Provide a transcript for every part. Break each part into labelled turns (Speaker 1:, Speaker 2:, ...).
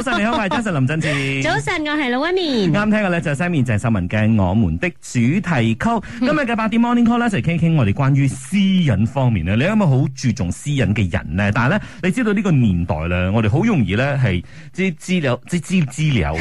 Speaker 1: 早晨，你好， 我係早晨林振治。早晨，我係老 Melody。啱聽嘅咧就係西面鄭秀文嘅我們的主題曲，嗯。今日嘅八點 morning call 咧就係傾傾我哋關於私隱方面咧。你有冇好注重私隱嘅人咧，嗯，但係咧，你知道呢個年代咧，我哋好容易咧係即資料即知資料。知了知知知了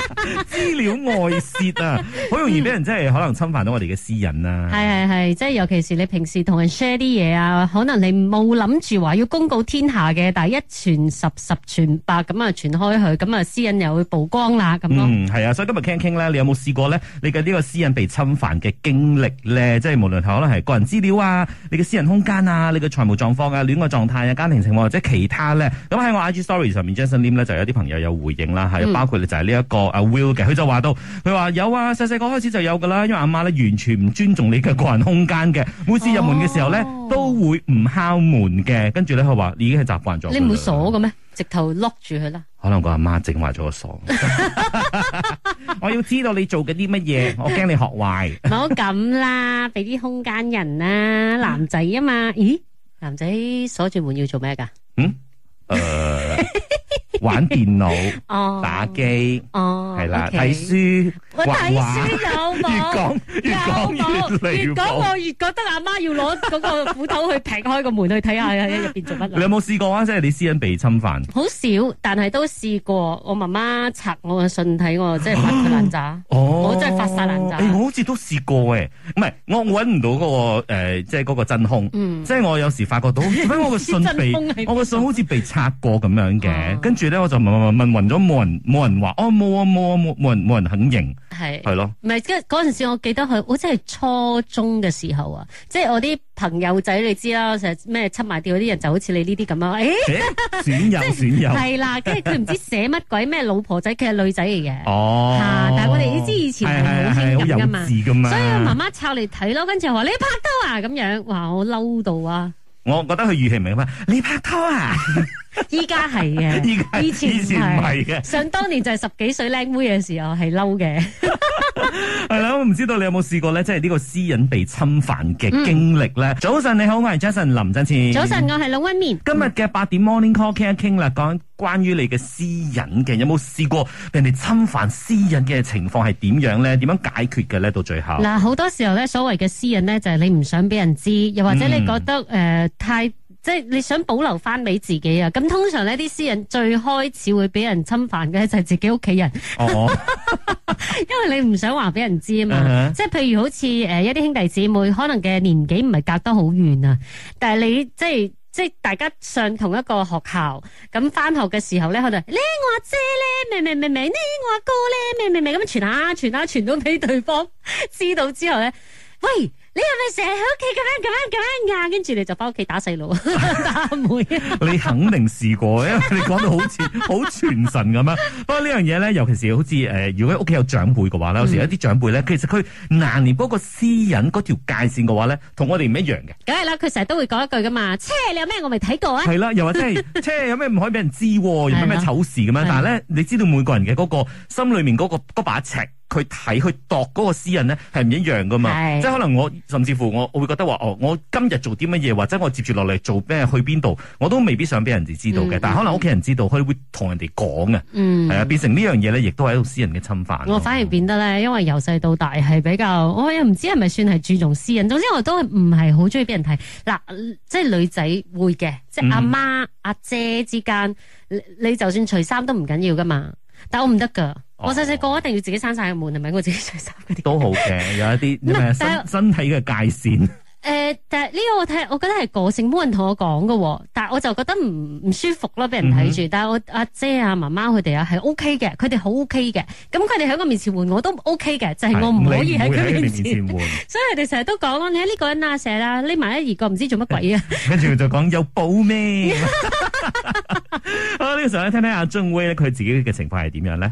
Speaker 1: 資 料外泄啊，好容易俾人真係可能侵犯到我哋嘅私隱啊。係
Speaker 2: 係係，即係尤其是你平時同人 share 啲嘢啊，可能你冇諗住話要公告天下嘅，但係一傳十十傳百咁啊，傳開去，咁啊私隱又會曝光啦咁咯。嗯，
Speaker 1: 係啊，所以今日傾一傾咧，你有冇試過咧？你嘅呢個私隱被侵犯嘅經歷咧？即係無論可能係個人資料啊，你嘅私人空間啊，你嘅財務狀況啊，戀愛狀態啊，家庭情況或者其他咧，咁喺我 IG Story 上面 Justin Lim 咧就有啲朋友有回應啦，包括就係呢一個。嗯 Will 嘅，佢就話到，佢話有啊，細細個開始就有噶啦，因為阿媽咧完全唔尊重你嘅個人空間嘅，每次入門嘅時候咧、oh. 都會唔敲門嘅，跟住咧佢話已經係習慣咗。你唔會鎖
Speaker 2: 嘅咩？直頭 lock 住佢啦。
Speaker 1: 可能個阿媽整壞咗個鎖。 我要知道你做緊啲乜嘢，我驚你學壞。
Speaker 2: 唔好咁啦，俾啲空間人啊，男仔啊嘛、嗯。咦，男仔鎖住門要做咩噶？嗯，
Speaker 1: 誒、呃。 玩電腦， 打機，
Speaker 2: 係、哦、啦，睇、okay、書，
Speaker 1: 我睇書有冇？
Speaker 2: 越講越講越
Speaker 1: 講，越我
Speaker 2: 越覺得阿媽要攞嗰個斧頭去劈開個門去睇下喺入邊做乜？ 你
Speaker 1: 有冇試過啊？即、就、係、是、你私隱被侵犯？
Speaker 2: 好少，但係都試過。我媽媽拆我嘅信睇我、哦，即係發晒爛渣。哦，我真係發晒爛渣、欸。我
Speaker 1: 好似都試過誒，唔係，我我搵唔到嗰、那個誒，即、呃、係、就是、個真空。即、嗯、係、就是、我有時發覺到，我嘅信被 個我嘅信好似被拆過咁樣嘅、啊？跟住。我就問問問問咗，冇人冇人話，哦冇啊冇啊冇冇人冇人肯認，係係咯，
Speaker 2: 唔係即係嗰時，我記得佢好似係初中嘅時候啊，即係我啲朋友仔你知啦，成日咩出埋啲嗰啲人就，就好似你呢啲咁樣誒，
Speaker 1: 損友 損友係
Speaker 2: 啦，跟住佢唔知寫乜鬼咩 老婆仔，佢係女仔嚟嘅，哦，
Speaker 1: 但係我哋要知以前係好興咁㗎嘛，所以我媽媽
Speaker 2: 抄嚟睇咯，跟住話你拍拖啊咁樣，哇我嬲到啊！
Speaker 1: 我覺得佢語氣明係咁
Speaker 2: 你拍拖啊？依家係嘅，以前唔係嘅。想當年就係十幾歲靚妹嘅時候，係嬲嘅。
Speaker 1: 係 啦，我唔知道你有冇試過咧，即係呢個私隱被侵犯嘅經歷咧、嗯。早晨，你好，我係 Jason 林振前。早晨，我
Speaker 2: 係老溫棉。今日
Speaker 1: 嘅八點 Morning Call 傾一傾啦，講關於你嘅私隱嘅，有冇試過俾人哋侵犯私隱嘅情況係點樣咧？點樣解決嘅咧？到最後嗱，
Speaker 2: 好多時候咧，所謂嘅私隱咧，就係你唔想俾人知，又或者你覺得誒、嗯呃、太。即係你想保留翻俾自己啊！咁通常呢啲私隱最開始會俾人侵犯嘅就係自己屋企人。哦哦 因為你唔想話俾人知啊嘛。啊啊即係譬如好似誒一啲兄弟姊妹，可能嘅年紀唔係隔得好遠啊，但係你即係即係大家上同一個學校，咁翻學嘅時候咧，佢就呢咩咩咩咩你我阿姐咧，咩咩咩咩，咧我阿哥咧，咩咩咩。傳啊」咁傳下傳下，傳到俾對方知道之後咧，喂。你係咪成日喺屋企咁樣咁樣咁樣，硬跟住你就翻屋企打細路，打妹，妹
Speaker 1: 你肯定試過，因為你講到好似好 全神咁樣。不過呢樣嘢咧，尤其是好似誒、呃，如果屋企有長輩嘅話咧，有時有啲長輩咧，其實佢難連嗰個私隱嗰條界線嘅話咧，同我哋唔一樣嘅。
Speaker 2: 梗係啦，佢成日都會講一句噶嘛，車，你有咩我未睇過啊？係啦，
Speaker 1: 又話即係車，有咩唔可以俾人知，又咩醜事咁樣。但係咧，你知道每個人嘅嗰、那個心裏面嗰、那個嗰把尺。佢睇佢度嗰個私人咧係唔一樣噶嘛？即係可能我甚至乎我，我會覺得話哦，我今日做啲乜嘢，或者我接住落嚟做咩去邊度，我都未必想俾人哋知道嘅、嗯。但係可能屋企人知道，佢、嗯、會同人哋講嘅。嗯，啊，變成樣呢樣嘢咧，亦都喺度私人嘅侵犯。
Speaker 2: 我反而變得咧，因為由細到大係比較，我又唔知係咪算係注重私人。總之我都唔係好中意俾人睇。嗱，即係女仔會嘅，即係阿媽、嗯、阿姐之間，你，你就算除衫都唔緊要噶嘛。但我唔得㗎。Oh. 我細細個一定要自己閂晒個門，係咪？我自己上山嗰啲都好嘅，有
Speaker 1: 一啲咩身身體嘅界線。
Speaker 2: 誒、呃，但係呢個我睇，我覺得係個性，冇人同我講噶。但係我就覺得唔唔舒服咯，俾人睇住。Mm -hmm. 但係我阿姐啊、媽媽佢哋啊係 OK 嘅，佢哋好 OK 嘅。咁佢哋喺我面前換我都 OK 嘅，就係、是、我唔可以喺佢面前換。所以佢哋成日都講你喺呢個人啦、啊，社啦，匿埋一二個唔知做乜鬼啊！
Speaker 1: 跟 住就講有寶咩、 這個？啊！呢個時候咧，聽聽阿 j 威
Speaker 3: n 佢自己嘅情況係點樣咧？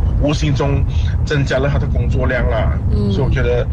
Speaker 3: 無形中增加了他的工作量啦，嗯、所以我覺得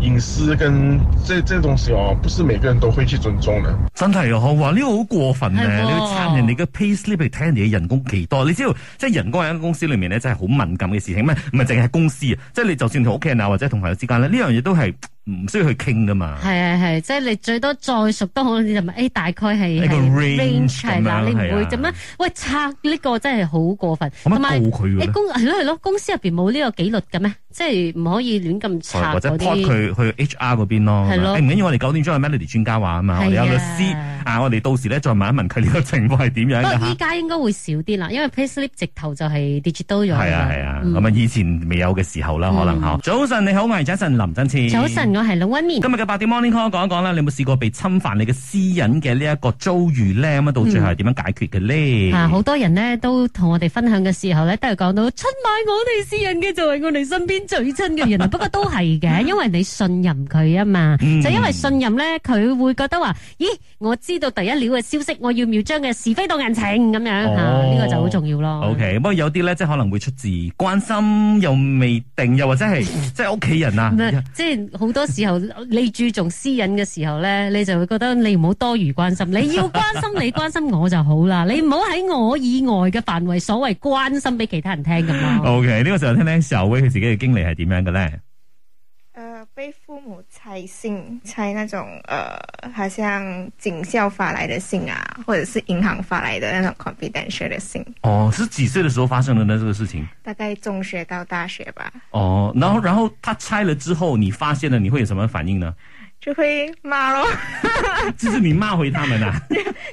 Speaker 3: 隱私跟這這東西哦，不是每個人都會去尊重的。
Speaker 1: 真係啊，我話呢個好過分啊，你查人哋嘅 pay slip 嚟睇人哋嘅人工幾多，你知道即係人工喺間公司裏面咧，真係好敏感嘅事情咩？唔係淨係公司啊，即係你就算同屋企人啊，或者同朋友之間咧，呢樣嘢都係。唔需要去傾㗎嘛，係
Speaker 2: 係係，即係你最多再熟都好，你就問，誒大概係係 range 係啦，你唔會咁樣？喂，拆呢個真係好過分，同埋，誒、欸、公係咯，係咯，公司入邊冇呢個紀律㗎咩？即係唔可以亂咁查或者 po 佢
Speaker 1: 去 HR 嗰邊咯。係咯，唔、哎、緊要緊。我哋九點鐘有 Melody 專家話啊嘛，我哋有個律師啊，我哋到時咧再問一問佢呢個情況係點樣。不過依
Speaker 2: 家應該會少啲啦，因為 Pay Slip 直頭就係 digital 咗。係啊係啊，咁
Speaker 1: 啊、嗯、以前未有嘅時候啦，可能、嗯、早晨你好，晏姐，一陣林振千。早晨，
Speaker 2: 我係老屈面。今日嘅八點 Morning Call 講一講啦，你有冇
Speaker 1: 試過被侵犯你嘅私隱嘅呢一個遭遇咧？咁啊，到最後係點樣解決嘅咧？好、嗯
Speaker 2: 啊、多人咧都同我哋分享嘅時候咧，都係講到出賣我哋私隱嘅就係我哋身邊。最真嘅原來，不過都係嘅，因為你信任佢啊嘛，就因為信任咧，佢會覺得話：咦，我知道第一料嘅消息，我要唔要將嘅是非當人情咁樣吓？呢個就好重要咯。OK，
Speaker 1: 不過有啲咧，即係可能會出自關心，又未定，又或者係即係屋企人啊。唔係，
Speaker 2: 即係好多時候你注重私隱嘅時候咧，你就會覺得你唔好多餘關心，你要關心你關心我就好啦，你唔好喺我以外嘅範圍所謂關心俾其他人聽咁咯。
Speaker 1: OK，呢個時候聽聽 Sawick 佢自己嘅經。你係點樣嘅咧？
Speaker 2: 呃，被父母拆信，拆那種
Speaker 1: 呃
Speaker 4: 好像警校發來的信啊，或者是銀行發來的那種 confidential 的信。
Speaker 1: 哦，是幾歲的時候發生的呢？這個事情
Speaker 4: 大概中學到大學吧。
Speaker 1: 哦，然後然後他拆了之後，你發現了，你會有什麼反應呢？
Speaker 4: 就會罵咯，
Speaker 1: 就 是你罵回他們啊。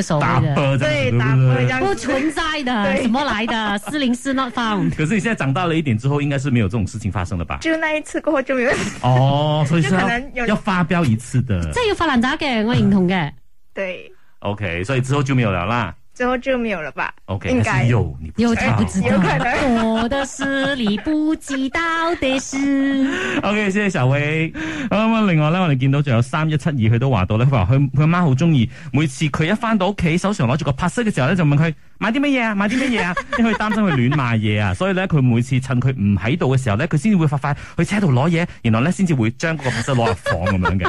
Speaker 2: 就打的對，打子不存在的，怎麼來的？404 not found。
Speaker 1: 可是你現在長大了一點之後，應該是沒有這種事情發生了吧？就
Speaker 2: 那一
Speaker 1: 次過後就沒有。哦，所以是要。可能要發飆一次的。這
Speaker 2: 要發爛渣的，我認同的、嗯。
Speaker 4: 對。
Speaker 1: OK，所以之後就沒有了啦。最後就沒有了吧？OK，應
Speaker 2: 該有你有，但不知道。我的實力不知
Speaker 1: 道的是。 OK，謝謝小威。咁、嗯、啊，另外咧，我哋見到仲有三一七二，佢都話到咧，佢話佢佢阿媽好中意，每次佢一翻到屋企，手上攞住個拍色嘅時候咧，就問佢買啲乜嘢啊，買啲乜嘢啊， 因為擔心佢亂買嘢啊， 所以咧，佢每次趁佢唔喺度嘅時候咧，佢先至會發快去車度攞嘢，然後咧先至會將嗰個拍色攞入房咁 樣嘅。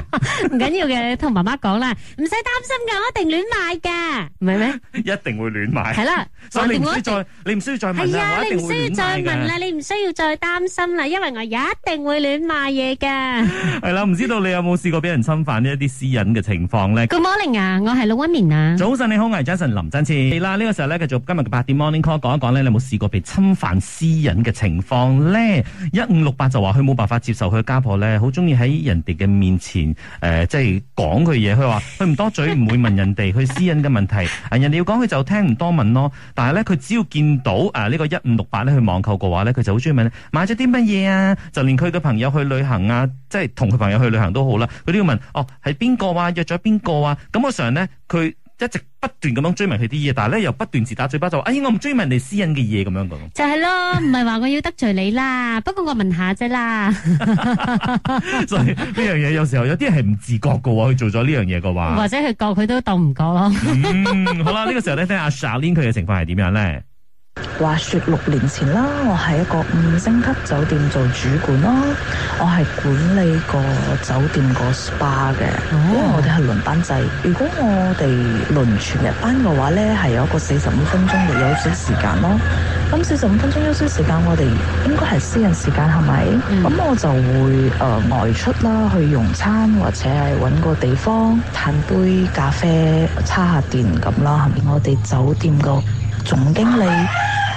Speaker 2: 唔緊要嘅，同媽媽講啦，唔使擔心噶，我一定亂買噶，唔係咩？
Speaker 1: 一定會亂買係啦，所以你唔需要再你唔需要再問啦，你唔需要
Speaker 2: 再問啦，你唔需要再擔心啦，因為我一定會亂買嘢嘅。
Speaker 1: 係啦，唔知道你有冇試過俾人侵犯呢一啲私隱嘅情況咧？Good morning 啊，我係陸温棉啊。早晨你好，我係 Jason 林振詞。係啦，呢個時候咧繼續今日嘅八點 Morning Call 講一講咧，你有冇試過被侵犯私隱嘅情況咧？一五六八就話佢冇辦法接受佢家婆咧，好中意喺人哋嘅面前誒，即係講佢嘢。佢話佢唔多嘴，唔會問人哋佢私隱嘅問題。人哋要講。佢就聽唔多問咯，但係咧佢只要見到誒呢、啊這個一五六八咧去網購嘅話咧，佢就好中意問咧買咗啲乜嘢啊！就連佢嘅朋友去旅行啊，即係同佢朋友去旅行都好啦，佢都要問哦係邊個啊約咗邊個啊！咁、啊、我常咧佢。一直不斷咁樣追問佢啲嘢，但係咧又不斷自打嘴巴就話，哎，我唔追問你私隱嘅嘢咁樣噶，
Speaker 2: 就係、是、咯，唔係話我要得罪你啦， 不過我問下啫啦。
Speaker 1: 所以呢樣嘢有時候有啲人係唔自覺噶，佢做咗呢樣嘢嘅話，或
Speaker 2: 者佢覺佢都鬥唔過咯。
Speaker 1: 好啦，呢、這個時候咧聽阿 Shalin 佢嘅情況係點樣咧？
Speaker 4: 話說六年前啦，我係一個五星級酒店做主管啦，我係管理個酒店個 SPA 嘅，因為我哋係輪班制。如果我哋輪全日班嘅話呢，係有一個四十五分鐘嘅休息時間咯。咁四十五分鐘休息時間，我哋應該係私人時間，係咪？咁、嗯、我就會誒、呃、外出啦，去用餐或者係搵個地方嘆杯咖啡，叉下電咁啦。後面我哋酒店個。總經理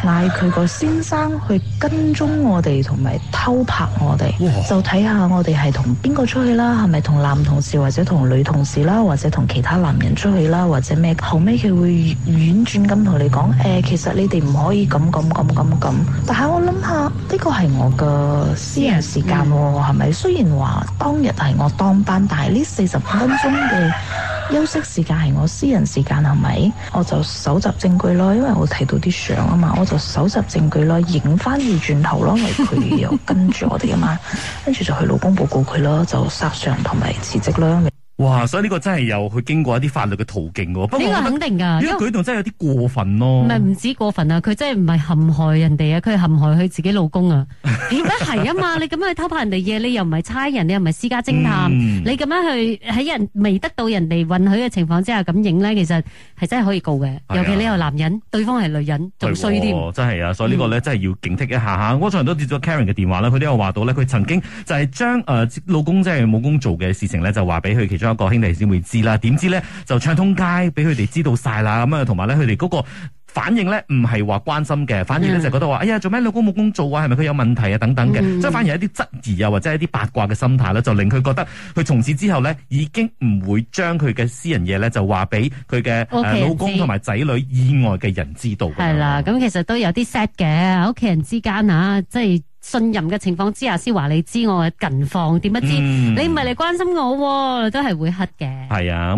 Speaker 4: 嗌佢個先生去跟蹤我哋，同埋偷拍我哋，就睇下我哋係同邊個出去啦，係咪同男同事或者同女同事啦，或者同其他男人出去啦，或者咩？後尾佢會婉轉咁同你講，其實你哋唔可以咁咁咁咁咁，但係我諗下呢個係我嘅私人時間喎，係咪？雖然話當日係我當班，但係呢四十五分鐘嘅。休息時間係我私人時間係咪？我就搜集證據咯，因為我睇到啲相啊嘛，我就搜集證據咯，影返二轉頭咯，因為佢又跟住我哋啊嘛，跟 住就去勞工部告佢咯，就殺相同埋辭職啦。
Speaker 1: 哇！所以呢個真係有去經過一啲法律嘅途徑嘅，不過呢、這個肯
Speaker 2: 定噶，呢個舉
Speaker 1: 動真係有啲過分咯、啊。唔係唔
Speaker 2: 止過分啊，佢真係唔係陷害人哋啊，佢係陷害佢自己老公啊。如果係啊嘛，你咁樣去偷拍人哋嘢，你又唔係差人，你又唔係私家偵探，嗯、你咁樣去喺人未得到人哋允許嘅情況之下咁影呢，其實係真係可以告嘅、啊。尤其你係男人，對方係女人仲衰啲。
Speaker 1: 真係啊，所以呢個咧真係要警惕一下吓、嗯。我通常都接咗 Karen 嘅電話啦，佢都有話到咧，佢曾經就係將誒老公即係冇工做嘅事情咧，就話俾佢其中。一個兄弟先會知啦，點知咧就唱通街，俾佢哋知道晒啦，咁啊，同埋咧佢哋嗰個。反應咧唔係話關心嘅，反而咧就覺得話、嗯、哎呀，做咩老公冇工做啊？係咪佢有問題啊？等等嘅，即、嗯、係反而一啲質疑啊，或者一啲八卦嘅心態咧，就令佢覺得佢從此之後咧已經唔會將佢嘅私人嘢咧就話俾佢嘅老公同埋仔女以外嘅人，人知道。
Speaker 2: 係啦，咁其實都有啲 sad 嘅，屋企人之間啊，即係信任嘅情況之下先話你知我嘅近況，點不知你唔係嚟關心我，都、嗯、係會黑嘅。
Speaker 1: 係啊。